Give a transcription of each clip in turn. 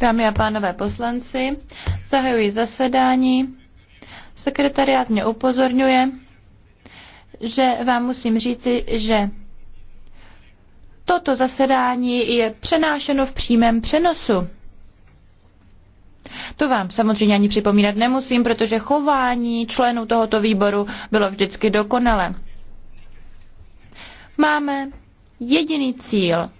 Dámy a pánové poslanci, zahajuji zasedání. Sekretariát mě upozorňuje, že vám musím říci, že toto zasedání je přenášeno v přímém přenosu. To vám samozřejmě ani připomínat nemusím, protože chování členů tohoto výboru bylo vždycky dokonalé. Máme jediný cíl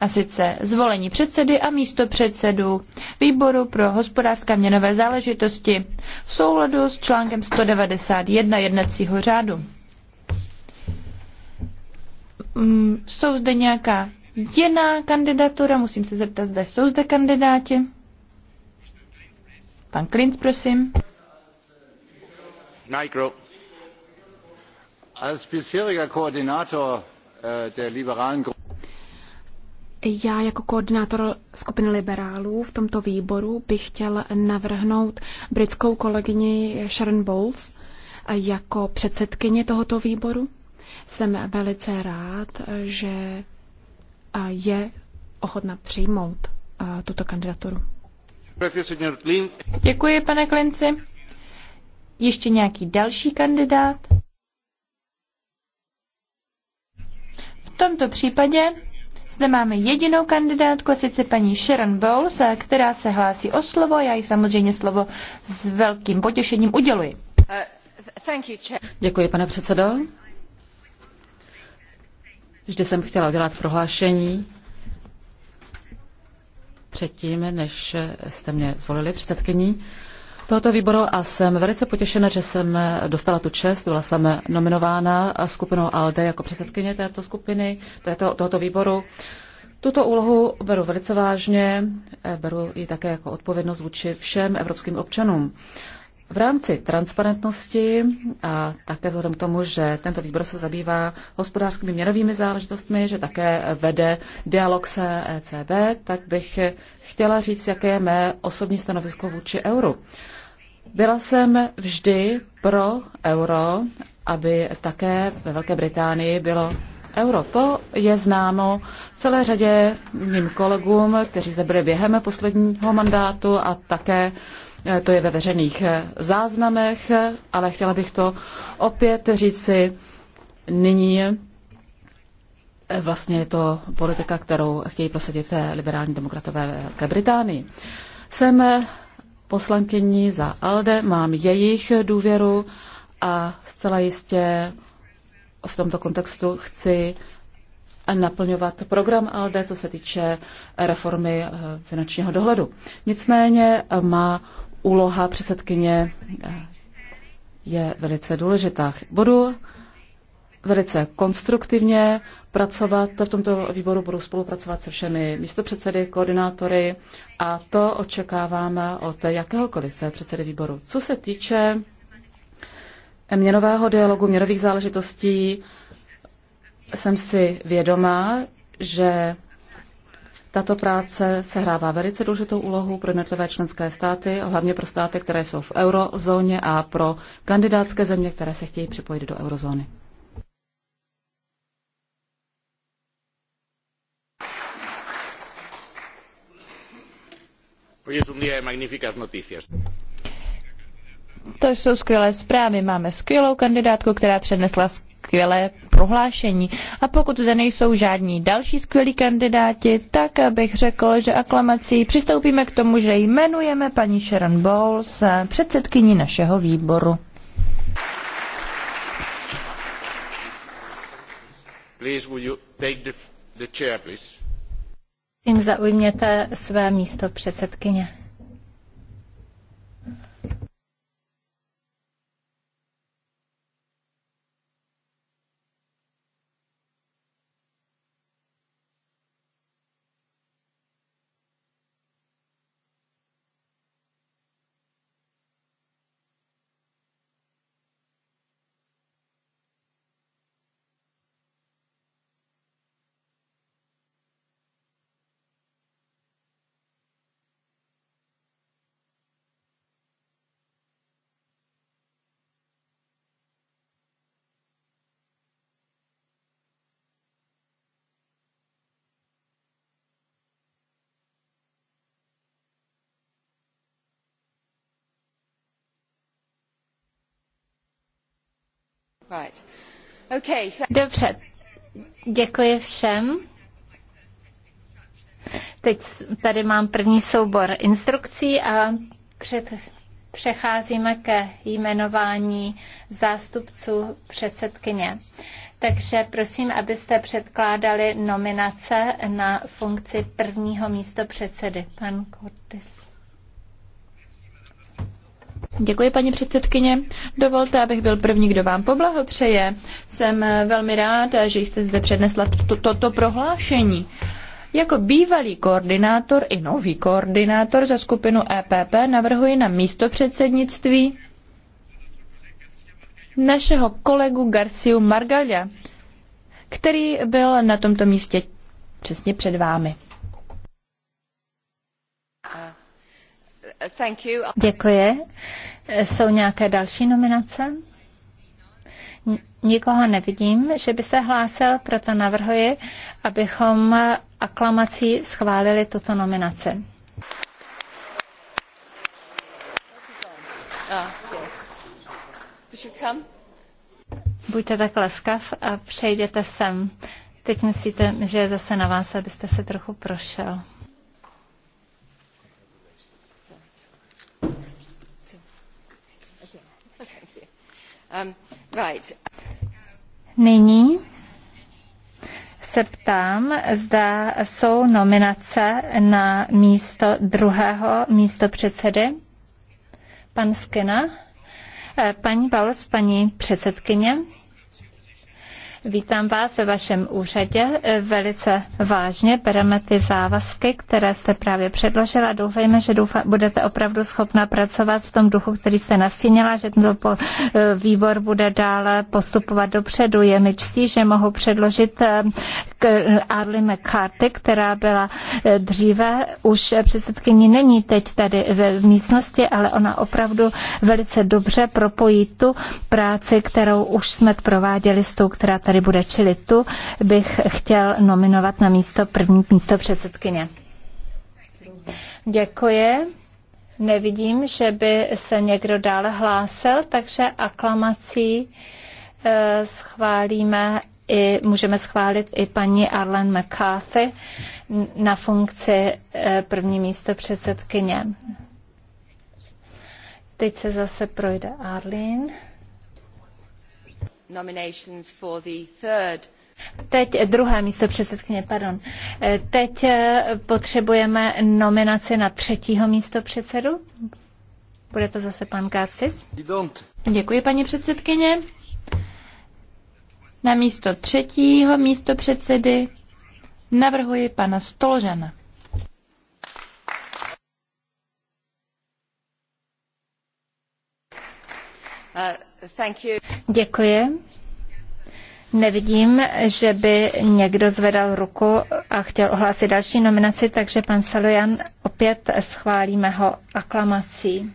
a sice zvolení předsedy a místo předsedů výboru pro hospodářské měnové záležitosti v souladu s článkem 191 jednacího řádu. Mm, jsou zde nějaká jiná kandidatura? Musím se zeptat, zda jsou zde kandidáti. Pan Klint, prosím. Micro. Als bisheriger Koordinator äh, der liberalen Gruppe já jako koordinátor skupiny liberálů v tomto výboru bych chtěl navrhnout britskou kolegyni Sharon Bowles jako předsedkyně tohoto výboru. Jsem velice rád, že je ochotna přijmout tuto kandidaturu. Děkuji, pane Klinci. Ještě nějaký další kandidát? V tomto případě zde máme jedinou kandidátku, a sice paní Sharon Bowles, eh, která se hlásí o slovo. Já jí samozřejmě slovo s velkým potěšením uděluji. Děkuji, pane předsedo. Vždy jsem chtěla udělat prohlášení předtím, než jste mě zvolili předsedkyní tohoto výboru a jsem velice potěšena, že jsem dostala tu čest. Byla jsem nominována skupinou ALDE jako předsedkyně této skupiny, této, tohoto výboru. Tuto úlohu beru velice vážně, beru ji také jako odpovědnost vůči všem evropským občanům. V rámci transparentnosti a také vzhledem k tomu, že tento výbor se zabývá hospodářskými měnovými záležitostmi, že také vede dialog se ECB, tak bych chtěla říct, jaké je mé osobní stanovisko vůči euru. Byla jsem vždy pro euro, aby také ve Velké Británii bylo euro. To je známo celé řadě mým kolegům, kteří zde byli během posledního mandátu a také eh, to je ve veřejných eh, záznamech, ale chtěla bych to opět říci nyní. Eh, vlastně je to politika, kterou chtějí prosadit liberální demokratové ve Velké Británii. Jsem poslankyní za ALDE, mám jejich důvěru a zcela jistě v tomto kontextu chci naplňovat program ALDE, co se týče reformy eh, finančního dohledu. Nicméně eh, má úloha předsedkyně eh, je velice důležitá. Budu velice konstruktivně pracovat v tomto výboru, budu spolupracovat se všemi místopředsedy, koordinátory a to očekáváme od jakéhokoliv předsedy výboru. Co se týče měnového dialogu, měnových záležitostí, jsem si vědomá, že tato práce sehrává velice důležitou úlohu pro jednotlivé členské státy, hlavně pro státy, které jsou v eurozóně a pro kandidátské země, které se chtějí připojit do eurozóny. Hoy es un día de magníficas noticias. To jsou skvělé zprávy. Máme skvělou kandidátku, která přednesla skvělé prohlášení. A pokud zde nejsou žádní další skvělí kandidáti, tak bych řekl, že aklamací přistoupíme k tomu, že jmenujeme paní Sharon Bowles předsedkyní našeho výboru. Please, will you take the chair, please? Tím zaujměte své místo předsedkyně. Dobře, děkuji všem. Teď tady mám první soubor instrukcí a před, přecházíme ke jmenování zástupců předsedkyně. Takže prosím, abyste předkládali nominace na funkci prvního místo předsedy. Pan Kurtis. Děkuji, paní předsedkyně. Dovolte, abych byl první, kdo vám poblahopřeje. Jsem velmi rád, že jste zde přednesla toto to, to prohlášení. Jako bývalý koordinátor i nový koordinátor za skupinu EPP navrhuji na místo předsednictví našeho kolegu Garciu Margalia, který byl na tomto místě přesně před vámi. Děkuji. Jsou nějaké další nominace? Nikoho nevidím, že by se hlásil, proto navrhuji, abychom aklamací schválili tuto nominaci. Ah, Buďte tak laskav a přejděte sem. Teď myslíte, že je zase na vás, abyste se trochu prošel. Um, Nyní se ptám, zda jsou nominace na místo druhého místo předsedy. Pan Skina, eh, paní Paulus, paní předsedkyně. Vítám vás ve vašem úřadě. Velice vážně bereme ty závazky, které jste právě předložila. Doufejme, že doufa, budete opravdu schopna pracovat v tom duchu, který jste nastínila, že tento po, výbor bude dále postupovat dopředu. Je mi čtí, že mohu předložit eh, k Arly McCarthy, která byla eh, dříve už předsedkyní není teď tady ve místnosti, ale ona opravdu velice dobře propojí tu práci, kterou už jsme prováděli s tou, která tady tady bude, čili tu bych chtěl nominovat na místo první místo předsedkyně. Děkuji. Nevidím, že by se někdo dále hlásil, takže aklamací eh, schválíme i, můžeme schválit i paní Arlen McCarthy na funkci eh, první místo předsedkyně. Teď se zase projde Arlene nominations for the third Teď místo předsedkyně, pardon. Eh, teď eh, potřebujeme nominaci na třetího místo předsedu. Bude to zase pan Kácis. Děkuji, paní předsedkyně. Na místo třetího místo předsedy navrhuji pana Stolžana. Děkuji. Nevidím, že by někdo zvedal ruku a chtěl ohlásit další nominaci, takže pan Salojan opět schválíme ho aklamací.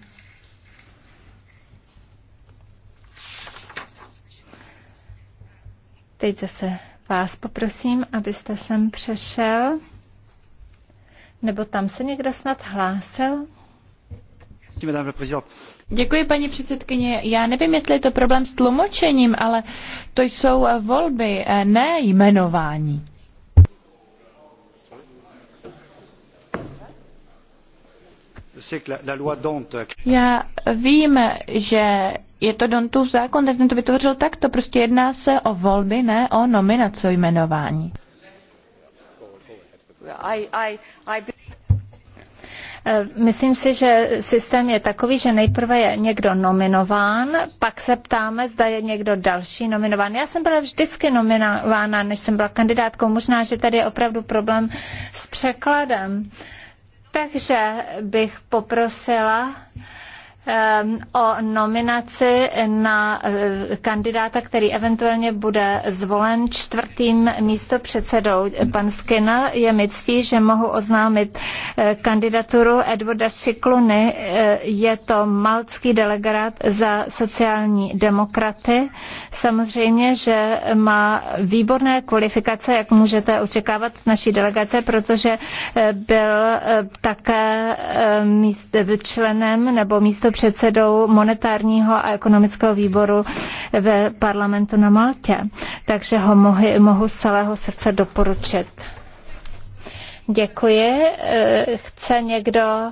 Teď zase vás poprosím, abyste sem přešel. Nebo tam se někdo snad hlásil? Děkuji, paní předsedkyně. Já nevím, jestli je to problém s tlumočením, ale to jsou eh, volby, eh, ne jmenování. Euh, Já vím, že je to Dontův zákon, ten to vytvořil takto. Prostě jedná se o volby, ne o nominaci o jmenování. I, I, I... Eh, myslím si, že systém je takový, že nejprve je někdo nominován, pak se ptáme, zda je někdo další nominován. Já jsem byla vždycky nominována, než jsem byla kandidátkou. Možná, že tady je opravdu problém s překladem. Takže bych poprosila Ehm, o nominaci na eh, kandidáta, který eventuálně bude zvolen čtvrtým místopředsedou. Pan Skina je mi ctí, že mohu oznámit eh, kandidaturu Edwarda Šikluny. Eh, je to malcký delegát za sociální demokraty. Samozřejmě, že má výborné kvalifikace, jak můžete očekávat z naší delegace, protože byl také členem nebo místopředsedou předsedou monetárního a ekonomického výboru ve parlamentu na Maltě, takže ho mohu, mohu z celého srdce doporučit. Děkuji. Eh, chce někdo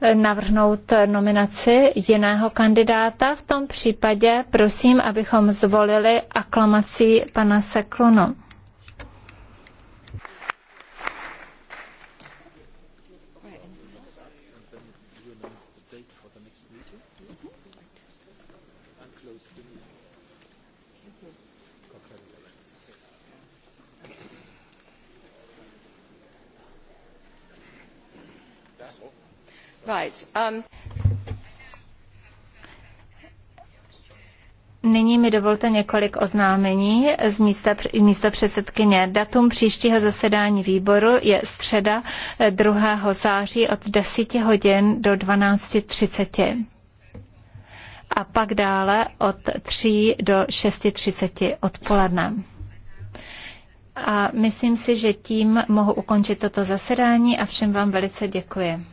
eh, navrhnout nominaci jiného kandidáta. V tom případě prosím, abychom zvolili aklamací pana Seklunu. close the meeting. Thank you. Right. Um. Nyní mi dovolte několik oznámení z místa, místo předsedkyně. Datum příštího zasedání výboru je středa 2. Eh, září od 10 hodin do 12.30 a pak dále od 3 do 6.30 odpoledne. A myslím si, že tím mohu ukončit toto zasedání a všem vám velice děkuji.